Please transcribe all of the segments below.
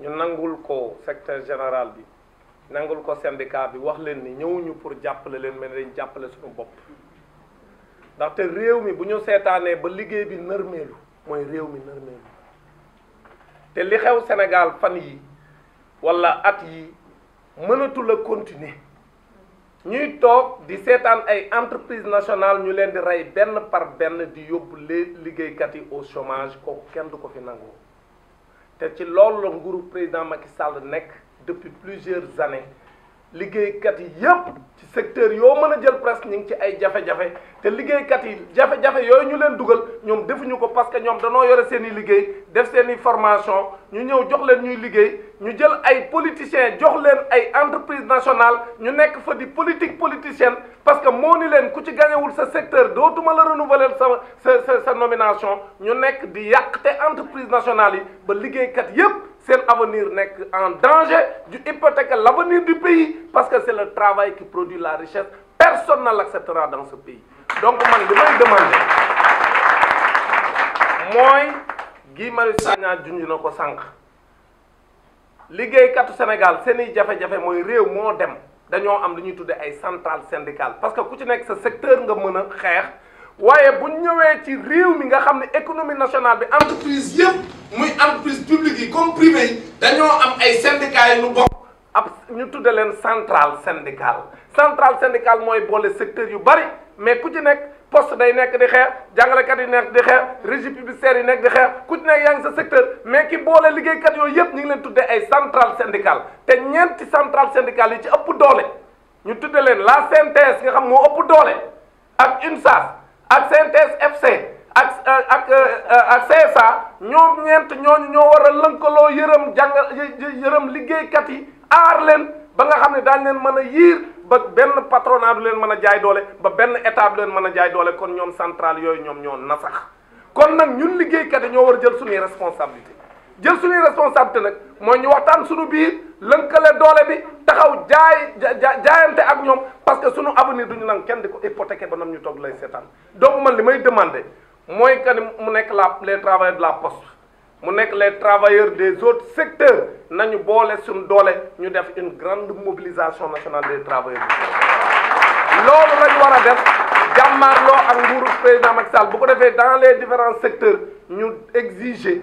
ñu nangul ko secteur général bi nangul ko syndicat bi wax leen ni ñëwuñu pour jàppale leen mais dañ jàppale suñu bopp ndaxte réew mi bu ñu seetaanee ba liggéey bi nërmeelu mooy réew mi nërmeelu te li xew Sénégal fan yi walla at yi mënatul a continuer ñuy toog di seetaan ay entreprise nationale ñu leen di rey benn par benn di yóbbu les liggéeykat yi au chômage kooku kenn du ko fi nangu te ci loolu la nguuru président Macky Sall nekk depuis plusieurs années liggéeykat yi yépp ci secteur yoo mën a jël presque ñu ngi ci ay jafe-jafe te liggéeykat yi jafe-jafe yooyu ñu leen dugal ñoom defuñu ko parce que ñoom danoo yore seeni liggéey def seen formation nous avons jox leen ñuy nous ñu jël ay politiciens jox leen ay entreprise nationale ñu nekk fa des politique politicienne parce que moo ni leen ku ci sa secteur dootuma la renouveler sa sa nomination Nous nekk di yàq entreprise nationale yi ba liggéeykat yépp c'est avenir nekk en danger du hypothèque l'avenir du pays parce que c'est le travail qui produit la richesse personne ne l'acceptera dans ce pays donc man je demande... demander Guy Marius Sagna junj na ko sànq liggéeykatu Sénégal seeni jafe-jafe mooy réew moo dem dañoo am lu ñuy tudde ay centrale syndicale parce que ku ci nekk sa secteur nga mën a xeex waaye bu ñëwee ci réew mi nga xam ne économie nationale bi entreprise yëpp muy entreprise publique yi comme privé yi dañoo am ay syndicats yi ñu bokk ab ñu tudde leen central syndicale centrale syndicale mooy boole secteur yu bari mais ku ci nekk poste day nekk di xeex jàngalekat yi nekk di xeex régie publicitaire yi nekk di xeex ku ci yaa ngi sa secteur mais ki boole liggéeykat yooyu yëpp ñu ngi leen tuddee ay centrale syndicale te ñeenti centrale syndicale yi ci ëpp doole ñu tudde leen la CNTS nga xam moo ëpp doole ak UNSAS ak CNTS FC ak euh, ak euh, ak CSA ñoom ñeent ñoo war lënkaloo yërëm jàngal yërëm liggéeykat yi aar leen ba nga xam ne daal leen mën a yiir ba benn patronat du leen mën a jaay doole ba benn état du leen mën a jaay doole kon ñoom central yooyu ñoom ñoo nasax kon nag ñun liggéey yi ñoo war a jël suñuy responsabilité jël suñuy responsabilité nag mooy ñu waxtaan suñu biir lënkale doole bi taxaw jaay jaayante ak ñoom parce que suñu avenir ñu nang kenn di ko hypothéquer ba nam ñu toog lay seetaan donc man li may demander mooy que ni mu nekk la les travailleurs de la post mu nek les travailleurs des autres secteurs nañu bolé suñ ñu def une grande mobilisation nationale des travailleurs loolu lañu wara def jàmmaarloo ak nguru président Macky bu ko dans les différents secteurs ñu exiger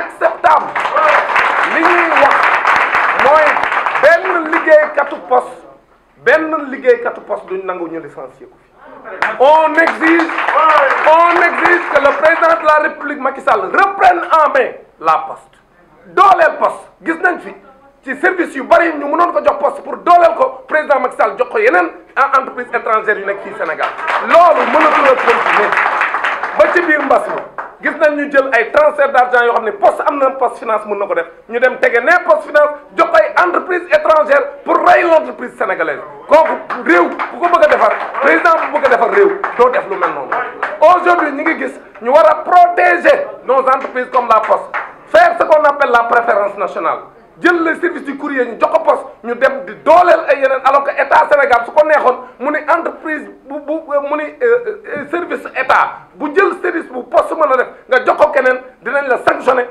quatre poste duñ nangu ñu licencier ko fi on exige on exige que le président de la république Macky Sall reprenne en main la poste dolel poste gis nañ fi ci service yu bari ñu mënon ko jox poste pour dolel ko président Macky Sall jox ko yeneen entreprise étrangère yu nekk fi Sénégal loolu mënatul a continuer ba ci bir mbas mi gis nañ ñu jël ay transfert d'argent yo xamné poste amna poste finance mën na ko def ñu dem tégué né poste finance jox ay entreprise étrangère pour rey l'entreprise sénégalaise kooku protéger nos entreprises comme la poste faire ce qu'on appelle la préférence nationale dire le service du courrier poste ñu dem di alors que état Sénégal su ko mu entreprise euh, euh, euh, service état le service poste sanctionner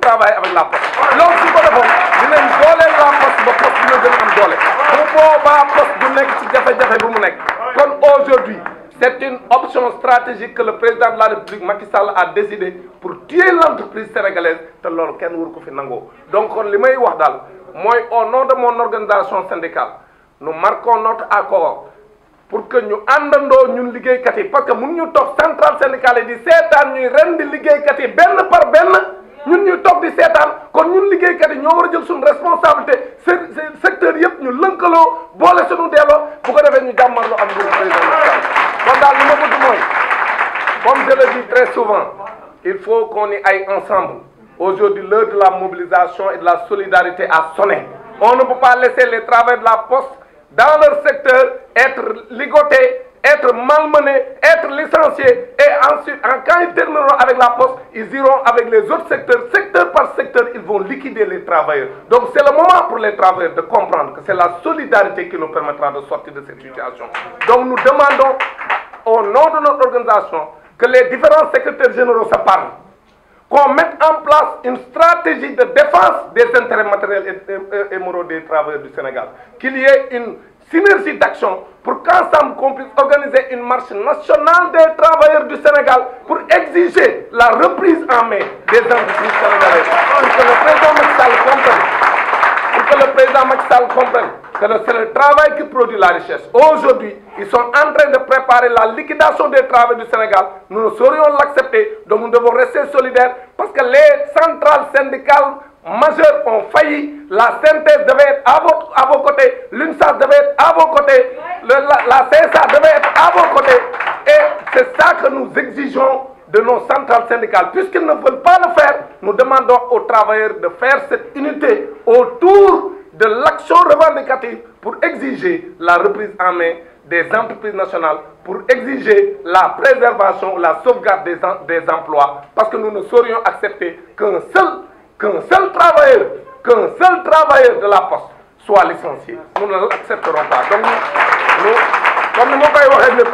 travailler avec la poste la poste poste poste aujourd'hui c'est une option stratégique que le président de la République Macky Sall a décidé pour tuer l'entreprise sénégalaise te loolu kenn donc on que je wax dire, c'est au nom de mon organisation syndicale nous marquons notre accord pour que ñu àndandoo ñun liggéeykat yi parce que mun ñu toog central syndicale yi di nous ñuy ren di kati ben par ben nous ñu toog di seetaan kon ñun liggéeykat kati nous avons une jël suñu responsabilité secteur nous ñu lënkaloo bolé suñu delloo bu ko defee ñu jàmmal lu am nguur président dans le comme je le dis très souvent il faut qu'on y aille ensemble aujourd'hui l'heure de la mobilisation et de la solidarité a sonné on ne peut pas laisser les travailleurs de la poste dans leur secteur être ligotés être malmenés, être licenciés, et ensuite, quand ils termineront avec la poste, ils iront avec les autres secteurs, secteur par secteur, ils vont liquider les travailleurs. Donc c'est le moment pour les travailleurs de comprendre que c'est la solidarité qui nous permettra de sortir de cette situation. Donc nous demandons au nom de notre organisation, que les différents secrétaires généraux se parlent, qu'on mette en place une stratégie de défense des intérêts matériels et, moraux des travailleurs du Sénégal, qu'il y ait une synergie d'action pour qu'ensemble qu'on puisse organiser une marche nationale des travailleurs du Sénégal pour exiger la reprise en main des entreprises sénégalaises que le président Macky Sall comprenne que c'est le, travail qui produit la richesse. Aujourd'hui, ils sont en train de préparer la liquidation des travaux du Sénégal. Nous ne saurions l'accepter, donc nous devons rester solidaires parce que les centrales syndicales majeures ont failli, la synthèse devait être à vos, à vos côtés, l'UNSA devait être à vos côtés, la CSA devait être à vos côtés. Et c'est ça que nous exigeons de nos centrales syndicales. Puisqu'ils ne veulent pas le faire, nous demandons aux travailleurs de faire cette unité autour de l'action revendicative pour exiger la reprise en main des entreprises nationales, pour exiger la préservation, la sauvegarde des, des emplois. Parce que nous ne saurions accepter qu'un seul, qu'un seul travailleur, qu'un seul travailleur de la poste soit licencié. Nous ne l'accepterons pas. Donc, nous, nous, comme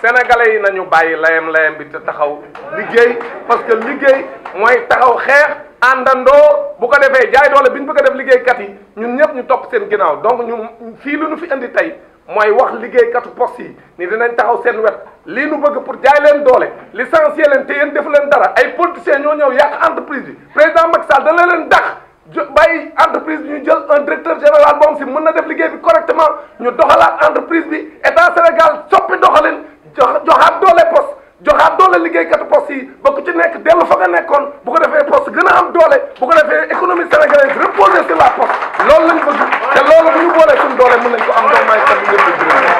sénégalais yi ñu bàyyi layam layam bi te taxaw liggéey parce que liggéey mooy taxaw xeex àndandoo bu ko defee jaay doole bi ñu bëgg a def liggéeykat yi ñun ñëpp ñu topp seen ginnaaw donc ñu fii lu ñu fi indi tey mooy wax liggéeykatu poste yi ni dinañ taxaw seen wet lii nu bëgg pour jaay leen doole licencié leen te yéen defu leen dara ay politiciens ñoo ñëw yàq entreprise bi président Macky Sall dana leen dax bàyyi entreprise bi ñu jël un directeur général boo xam si mën na def liggéey bi correctement ñu doxalaat entreprise bi état Sénégal soppi doxalin jox joxaat doole poste joxaat doole liggéeykatu poste yi ba ku ci nekk dellu fa nga nekkoon bu ko defee poste gën a am doole bu ko defee économie sénégalaise reposer sur la poste loolu lañ bëgg te loolu bu ñu boolee suñu doole mën nañ ko am doom maay sax